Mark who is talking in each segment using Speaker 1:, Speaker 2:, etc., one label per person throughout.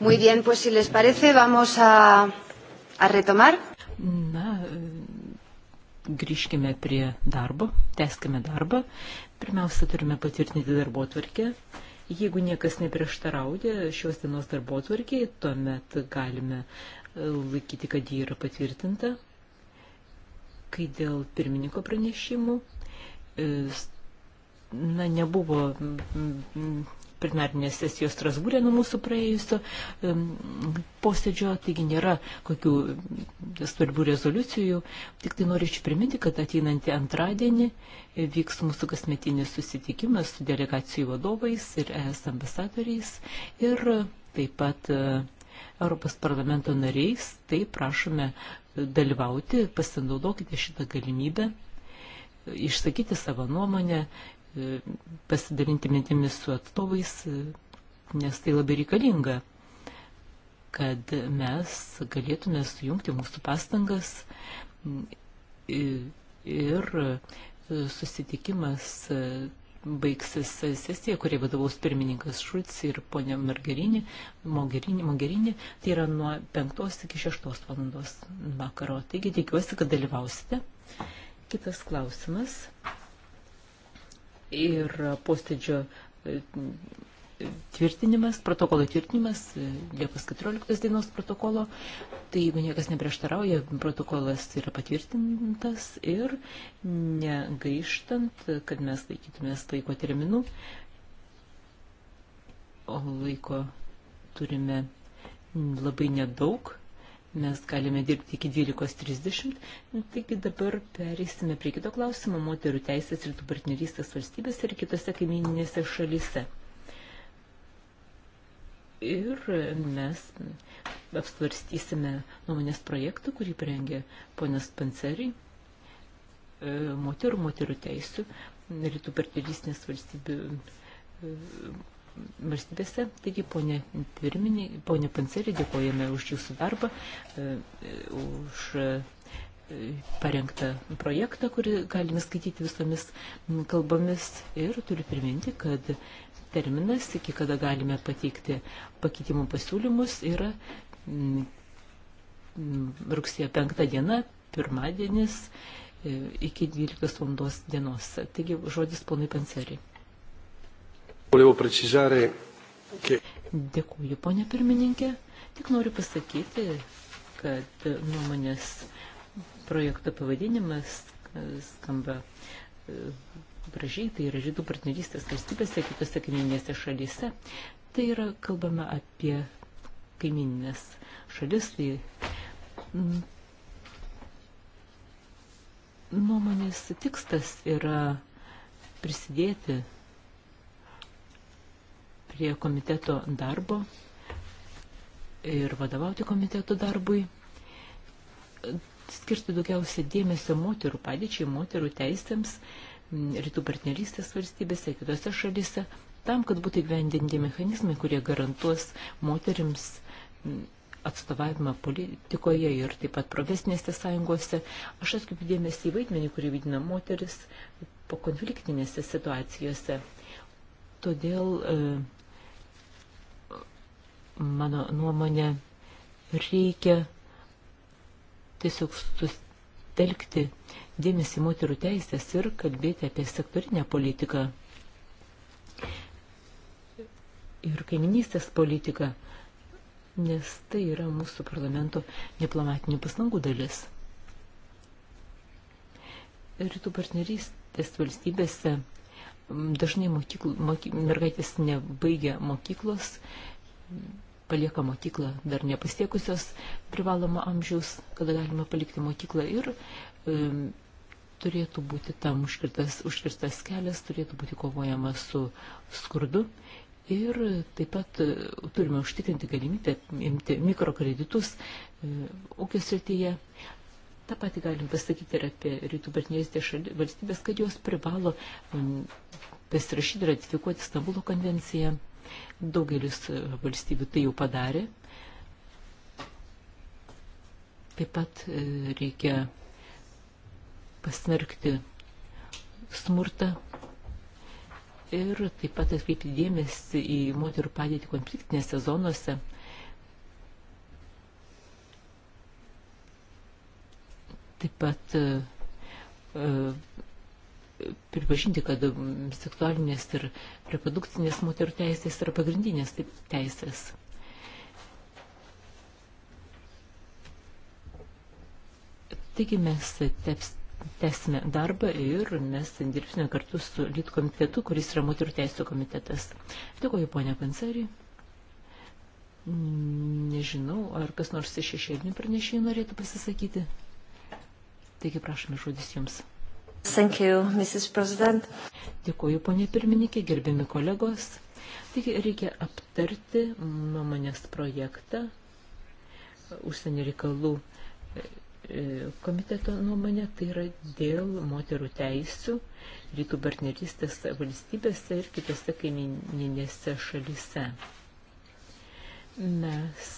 Speaker 1: Muy bien, pues si les parece, vamos a, a retomar.
Speaker 2: Na, grįžkime prie darbo, teskime darbą. Pirmiausia, turime patvirtinti darbo tvarkę. Jeigu niekas neprieštaraudė šios dienos darbo tvarkiai, tuomet galime e, laikyti, kad ji yra patvirtinta. Kai dėl pirmininko pranešimų, e, na, nebuvo plenarnės sesijos Strasbūrė nuo mūsų praėjusio posėdžio, taigi nėra kokių svarbių rezoliucijų. Tik tai norėčiau priminti, kad ateinantį antradienį e, vyks mūsų kasmetinis susitikimas su delegacijų vadovais ir ES ambasadoriais ir taip pat e, Europos parlamento nariais, tai prašome e, dalyvauti, pasinaudokite šitą galimybę, išsakyti savo nuomonę, pasidalinti mintimis su atstovais, nes tai labai reikalinga, kad mes galėtume sujungti mūsų pastangas ir susitikimas baigsis sesija, kurie vadovaus pirmininkas Šulc ir ponia Margerinė, Mogerinė, Mogerinė, tai yra nuo 5 iki 6 valandos vakaro. Taigi tikiuosi, kad dalyvausite. Kitas klausimas ir postėdžio e, tvirtinimas, protokolo tvirtinimas, e, Liepos 14 dienos protokolo. Tai jeigu niekas neprieštarauja, protokolas yra patvirtintas ir negaištant, kad mes laikytumės laiko terminų, o laiko turime labai nedaug, Mes galime dirbti iki 12.30, taigi dabar perėsime prie kito klausimo moterų teisės ir tų partnerystės valstybės ir kitose kaimininėse šalyse. Ir mes apsvarstysime nuomonės projektą, kurį prengė ponas Panceriai, e, moterų, moterų teisų, rytų partnerystės valstybių e, valstybėse. Taigi, ponė, pirminė, ponė Pancerį, dėkojame už jūsų darbą, e, e, už e, parengtą projektą, kurį galime skaityti visomis kalbomis ir turiu priminti, kad terminas, iki kada galime pateikti pakeitimų pasiūlymus, yra mm, rugsėjo 5 diena, pirmadienis iki 12 valandos dienos. Taigi žodis ponui Panceriai. Dėkuoju, ponė pirmininkė. Tik noriu pasakyti, kad nuomonės projekto pavadinimas skamba e, gražiai, tai yra žydų partnerystės valstybėse, kitose kaiminėse šalyse. Tai yra kalbama apie kaiminės šalis, tai mm, nuomonės tikslas yra prisidėti prie komiteto darbo ir vadovauti komiteto darbui, skirti daugiausia dėmesio moterų padėčiai, moterų teisėms, rytų partnerystės valstybėse, kitose šalyse, tam, kad būtų įgyvendinti mechanizmai, kurie garantuos moterims atstovavimą politikoje ir taip pat profesinėse sąjungose. Aš atkreipiu dėmesį į vaidmenį, kurį vidina moteris po konfliktinėse situacijose. Todėl e, mano nuomonė, reikia tiesiog sustelkti dėmesį moterų teisės ir kalbėti apie sektorinę politiką ir kaiminystės politiką, nes tai yra mūsų parlamento diplomatinių pastangų dalis. Rytų partnerystės valstybėse dažnai mokyklų, moky, mergaitės nebaigia mokyklos, palieka mokyklą dar nepasiekusios privalomą amžiaus, kada galima palikti mokyklą ir e, turėtų būti tam užkirtas, užkirtas kelias, turėtų būti kovojama su skurdu ir taip pat e, turime užtikrinti galimybę imti mikrokreditus e, ūkio srityje. Ta pati galim pasakyti ir apie rytų partnerystės valstybės, kad jos privalo pasirašyti ratifikuoti Stambulo konvenciją Daugelis valstybių tai jau padarė. Taip pat e, reikia pasmerkti smurtą ir taip pat atkreipti dėmesį į moterų padėtį konfliktinėse zonose. Taip pat e, e, pripažinti, kad seksualinės ir reprodukcinės moterų teisės yra pagrindinės taip, teisės. Taigi mes teps, tęsime darbą ir mes dirbsime kartu su LIT komitetu, kuris yra moterų teisų komitetas. Dėkuoju, ponia Pansarį. Nežinau, ar kas nors iš šešėlinių pranešėjų norėtų pasisakyti. Taigi prašome žodis jums. Thank you, Mrs. President. Dėkuoju, ponė pirmininkė, gerbiami kolegos. Tik reikia aptarti nuomonės projektą užsienio reikalų e, e, komiteto nuomonė, tai yra dėl moterų teisų rytų partnerystės valstybėse ir kitose kaimininėse šalyse. Mes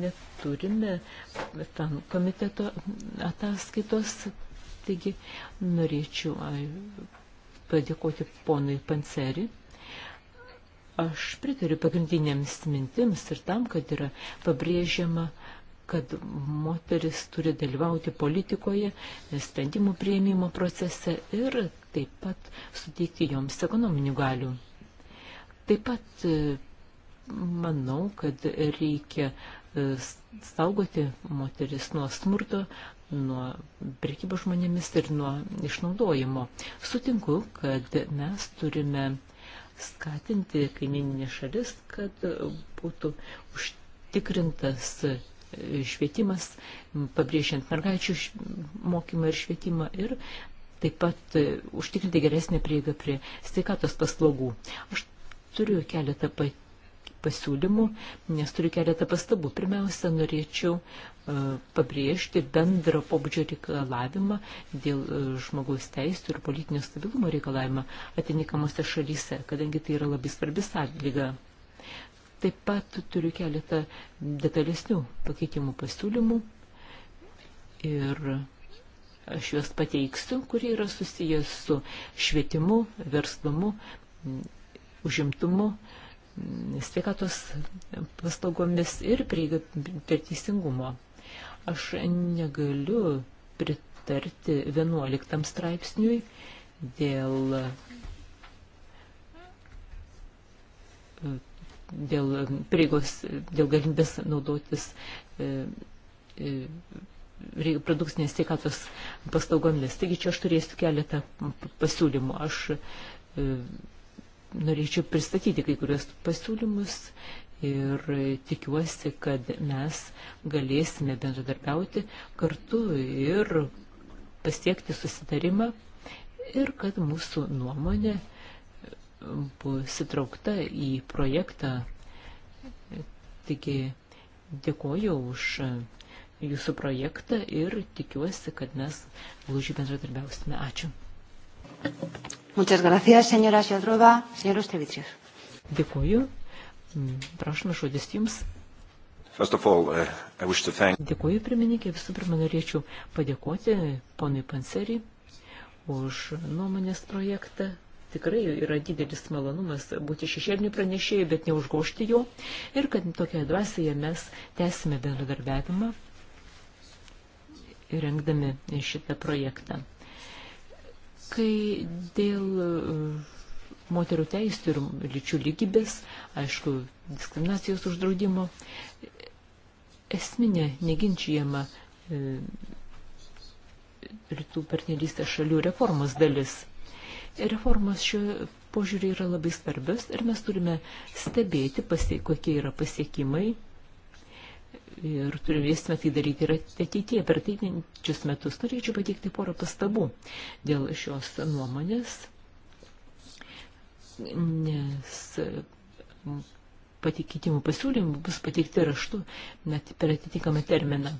Speaker 2: neturime komiteto ataskaitos, Taigi norėčiau padėkoti ponui Panceri. Aš pritariu pagrindinėms mintims ir tam, kad yra pabrėžiama, kad moteris turi dalyvauti politikoje, sprendimų prieimimo procese ir taip pat suteikti joms ekonominių galių. Taip pat e, manau, kad reikia e, saugoti moteris nuo smurto, nuo prekybos žmonėmis ir nuo išnaudojimo. Sutinku, kad mes turime skatinti kaimininė šalis, kad būtų užtikrintas švietimas, pabrėžiant mergaičių mokymą ir švietimą ir taip pat užtikrinti geresnį prieigą prie sveikatos paslaugų. Aš turiu keletą pat pasiūlymų, nes turiu keletą pastabų. Pirmiausia, norėčiau e, pabrėžti bendrą pobūdžio reikalavimą dėl e, žmogaus teisų ir politinio stabilumo reikalavimą atitinkamose šalyse, kadangi tai yra labai svarbi sąlyga. Taip pat turiu keletą detalesnių pakeitimų pasiūlymų ir aš juos pateiksiu, kurie yra susijęs su švietimu, verslumu, užimtumu, uh, sveikatos paslaugomis ir prieiga prie teisingumo. Aš negaliu pritarti 11 straipsniui dėl, dėl prieigos, dėl galimybės naudotis e, e, produkcinės sveikatos paslaugomis. Taigi čia aš turėsiu keletą pasiūlymų. Aš e, norėčiau pristatyti kai kurios pasiūlymus ir tikiuosi, kad mes galėsime bendradarbiauti kartu ir pasiekti susitarimą ir kad mūsų nuomonė bus įtraukta į projektą. Taigi dėkoju už jūsų projektą ir tikiuosi, kad mes glūžiai bendradarbiausime. Ačiū.
Speaker 1: Muchas gracias,
Speaker 2: senora Šedrova, senor Ustrevičius. Dėkuoju. Mm, prašome žodis jums. All, uh, thank... Dėkuoju, pirmininkė. Visų pirma, norėčiau padėkoti ponui Panseriui už nuomonės projektą. Tikrai yra didelis malonumas būti šešėlinių pranešėjų, bet neužgošti jo. Ir kad tokioje dvasioje mes tęsime bendradarbiavimą, rengdami šitą projektą. Kai dėl e, moterų teisų ir lyčių lygybės, aišku, diskriminacijos uždraudimo, esminė neginčiama e, rytų partnerystės šalių reformos dalis. Reformos šio požiūrį yra labai svarbios ir mes turime stebėti, pasie, kokie yra pasiekimai ir turėsime tai daryti ir ateityje per ateinančius metus. Norėčiau pateikti porą pastabų dėl šios nuomonės, nes patikėtimų pasiūlymų bus pateikti raštu net per atitinkamą terminą.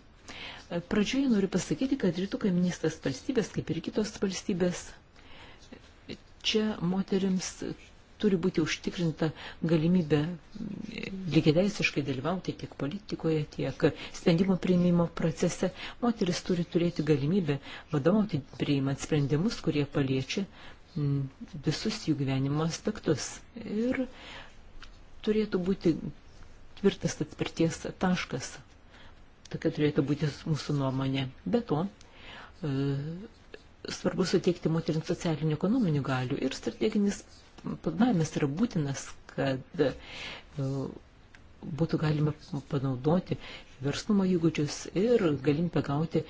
Speaker 2: Pradžioje noriu pasakyti, kad rytų kaiminystės valstybės, kaip ir kitos valstybės, čia moteriams turi būti užtikrinta galimybė lygiateisiškai dalyvauti tiek politikoje, tiek sprendimo priimimo procese. Moteris turi turėti galimybę vadovauti priimant sprendimus, kurie paliečia visus jų gyvenimo aspektus. Ir turėtų būti tvirtas atspirties taškas. Tokia turėtų būti mūsų nuomonė. Be to, e, svarbu suteikti moterims socialinių ekonominių galių ir strateginis planavimas yra būtinas, kad e, būtų galima panaudoti verslumo įgūdžius ir galimybę gauti e,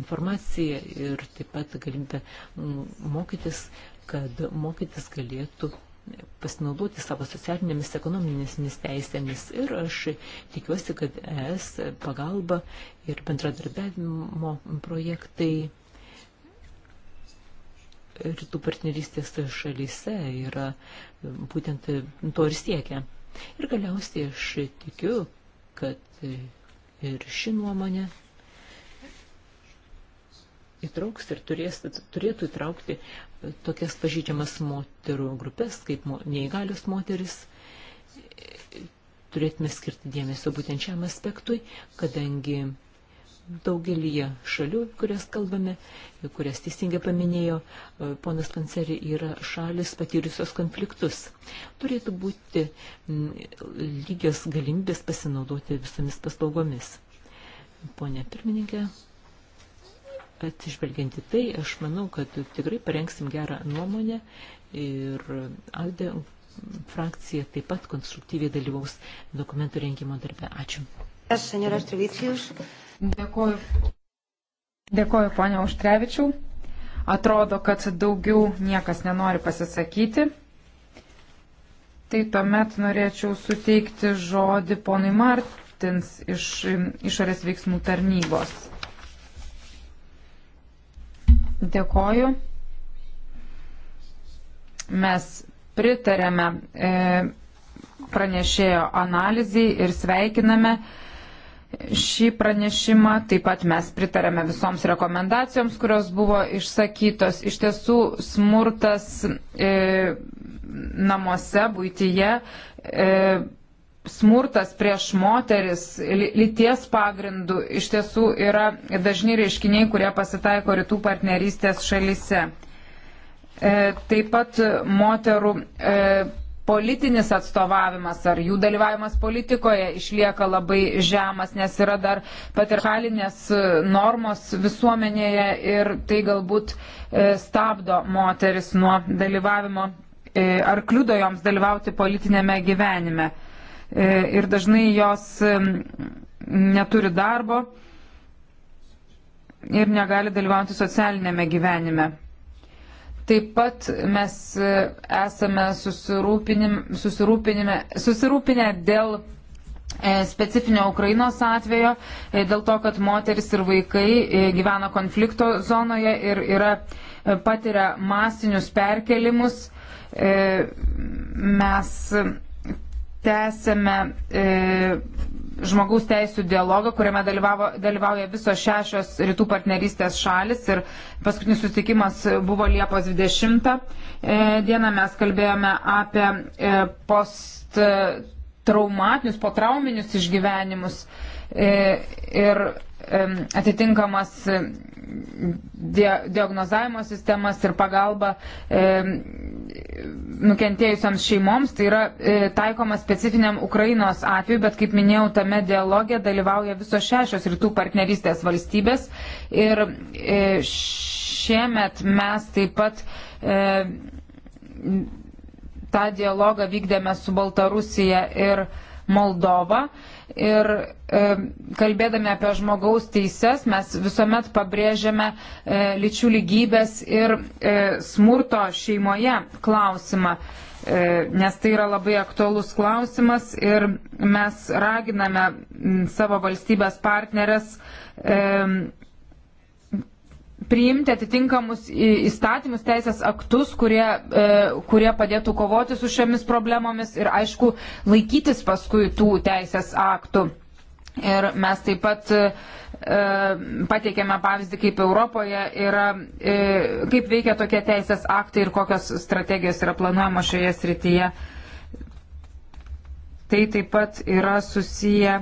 Speaker 2: informaciją ir taip pat galimybę mokytis, kad mokytis galėtų pasinaudoti savo socialinėmis, ekonominėmis teisėmis. Ir aš tikiuosi, kad ES pagalba ir bendradarbiavimo projektai rytų partnerystės šalyse yra e, būtent e, to ir siekia. Ir galiausiai aš tikiu, kad e, ir ši nuomonė įtrauks ir turės, turėtų įtraukti tokias pažydžiamas moterų grupės, kaip neįgalios moteris. Turėtume skirti dėmesio būtent šiam aspektui, kadangi daugelį šalių, kurias kalbame, kurias teisingai paminėjo e, ponas Kanceri, yra šalis patyrusios konfliktus. Turėtų būti lygios galimybės pasinaudoti visomis paslaugomis. Pone pirmininkė, atsižvelgiant į tai, aš manau, kad tikrai parengsim gerą nuomonę ir Alde frakcija taip pat konstruktyviai dalyvaus dokumentų
Speaker 1: rengimo darbe. Ačiū. Aš, senioras Trivicius. Dėkuoju. Dėkuoju, ponia Užtrevičiau. Atrodo, kad daugiau niekas nenori pasisakyti. Tai tuomet norėčiau suteikti žodį ponui Martins iš išorės veiksmų tarnybos. Dėkoju. Mes pritarėme e, pranešėjo analizai ir sveikiname e, šį pranešimą. Taip pat mes pritarėme visoms rekomendacijoms, kurios buvo išsakytos. Iš tiesų, smurtas e, namuose, būtyje, e, smurtas prieš moteris, lyties pagrindų iš tiesų yra dažni reiškiniai, kurie pasitaiko rytų partnerystės šalyse. E, taip pat moterų. E, politinis atstovavimas ar jų dalyvavimas politikoje išlieka labai žemas, nes yra dar patriarchalinės normos visuomenėje ir tai galbūt e, stabdo moteris nuo dalyvavimo e, ar kliudo joms dalyvauti politinėme gyvenime. E, ir dažnai jos neturi darbo ir negali dalyvauti socialinėme gyvenime. Taip pat mes e, esame susirūpinę dėl e, specifinio Ukrainos atvejo, e, dėl to, kad moteris ir vaikai gyvena konflikto zonoje ir yra, patiria masinius perkelimus. Mes tęsėme žmogaus teisų dialogą, kuriame dalyvauja visos šešios rytų partnerystės šalis. Ir paskutinis susitikimas buvo Liepos 20 e, dieną. Mes kalbėjome apie e, post traumatinius, potrauminius išgyvenimus. E, E, ir atitinkamas diagnozavimo sistemas ir pagalba nukentėjusiams šeimoms. Tai yra e, taikoma specifiniam Ukrainos atveju, bet kaip minėjau, tame dialoge dalyvauja visos šešios rytų partnerystės valstybės. Ir e, šiemet mes taip pat tą dialogą vykdėme su Baltarusija ir Moldova ir e, kalbėdami apie žmogaus teises mes visuomet pabrėžiame e, lyčių lygybės ir e, smurto šeimoje klausimą, e, nes tai yra labai aktuolus klausimas ir mes raginame savo valstybės partnerės e, priimti atitinkamus įstatymus, teisės aktus, kurie, e, kurie padėtų kovoti su šiomis problemomis ir, aišku, laikytis paskui tų teisės aktų. Ir mes taip pat e, e, pateikėme pavyzdį, kaip Europoje yra, kaip veikia tokie teisės aktai ir kokios strategijos yra planuojamos šioje srityje. Tai taip pat yra susiję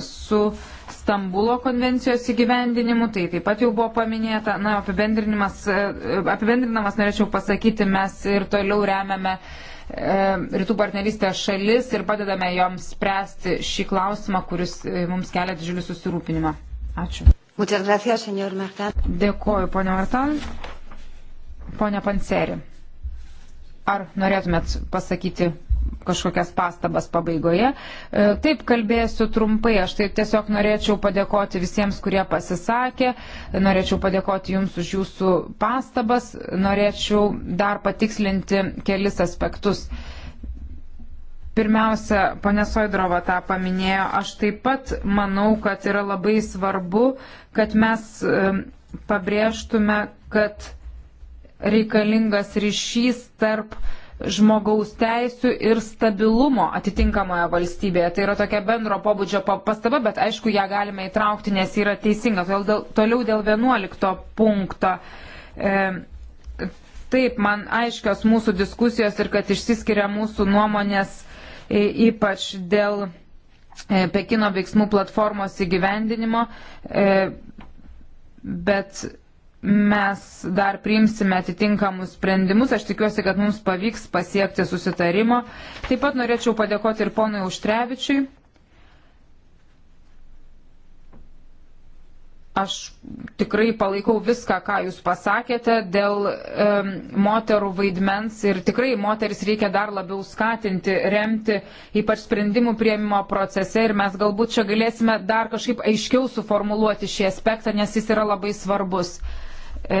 Speaker 1: su Stambulo konvencijos įgyvendinimu, tai taip pat jau buvo paminėta. Na, e, apibendrinamas norėčiau pasakyti, mes ir toliau remiame e, rytų partnerystės šalis ir padedame joms spręsti šį klausimą, kuris e, mums kelia didžiulį susirūpinimą. Ačiū. Gracias, Dėkoju, ponia Martan. Ponia Panseri, ar norėtumėt pasakyti kažkokias pastabas pabaigoje. E, taip kalbėsiu trumpai, aš tai tiesiog norėčiau padėkoti visiems, kurie pasisakė, norėčiau padėkoti Jums už Jūsų pastabas, norėčiau dar patikslinti kelis aspektus. Pirmiausia, ponė Soidrova tą paminėjo, aš taip pat manau, kad yra labai svarbu, kad mes e, pabrėžtume, kad reikalingas ryšys tarp uh, žmogaus teisų ir stabilumo atitinkamoje valstybėje. Tai yra tokia bendro pobūdžio pastaba, bet aišku, ją galime įtraukti, nes yra teisinga. Toliau dėl, toliau dėl 11 punkto. E, taip, man aiškios mūsų diskusijos ir kad išsiskiria mūsų nuomonės e, ypač dėl e, Pekino veiksmų platformos įgyvendinimo. E, bet mes dar priimsime atitinkamus sprendimus. Aš tikiuosi, kad mums pavyks pasiekti susitarimo. Taip pat norėčiau padėkoti ir ponui Užtrevičiui. Aš tikrai palaikau viską, ką jūs pasakėte dėl e, moterų vaidmens ir tikrai moteris reikia dar labiau skatinti, remti, ypač sprendimų prieimimo procese ir mes galbūt čia galėsime dar kažkaip aiškiau suformuluoti šį aspektą, nes jis yra labai svarbus. E, E,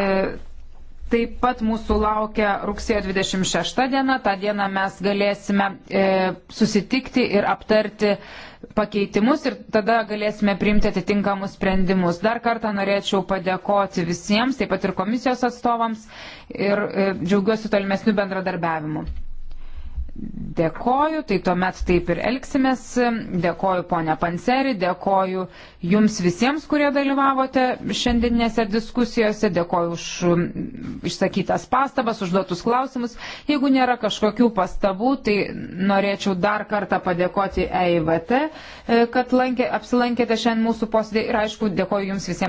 Speaker 1: taip pat mūsų laukia rugsėjo 26 diena. Ta diena mes galėsime e, susitikti ir aptarti pakeitimus ir tada galėsime priimti atitinkamus sprendimus. Dar kartą norėčiau padėkoti visiems, taip pat ir komisijos atstovams ir e, džiaugiuosi tolimesniu bendradarbiavimu. Dėkoju, tai tuomet taip ir elgsimės. Dėkoju ponia Panseri, dėkoju jums visiems, kurie dalyvavote šiandieninėse diskusijose, dėkoju už išsakytas pastabas, užduotus klausimus. Jeigu nėra kažkokių pastabų, tai norėčiau dar kartą padėkoti EIVT, e, kad lankė, apsilankėte šiandien mūsų posėdį ir aišku, dėkoju jums visiems.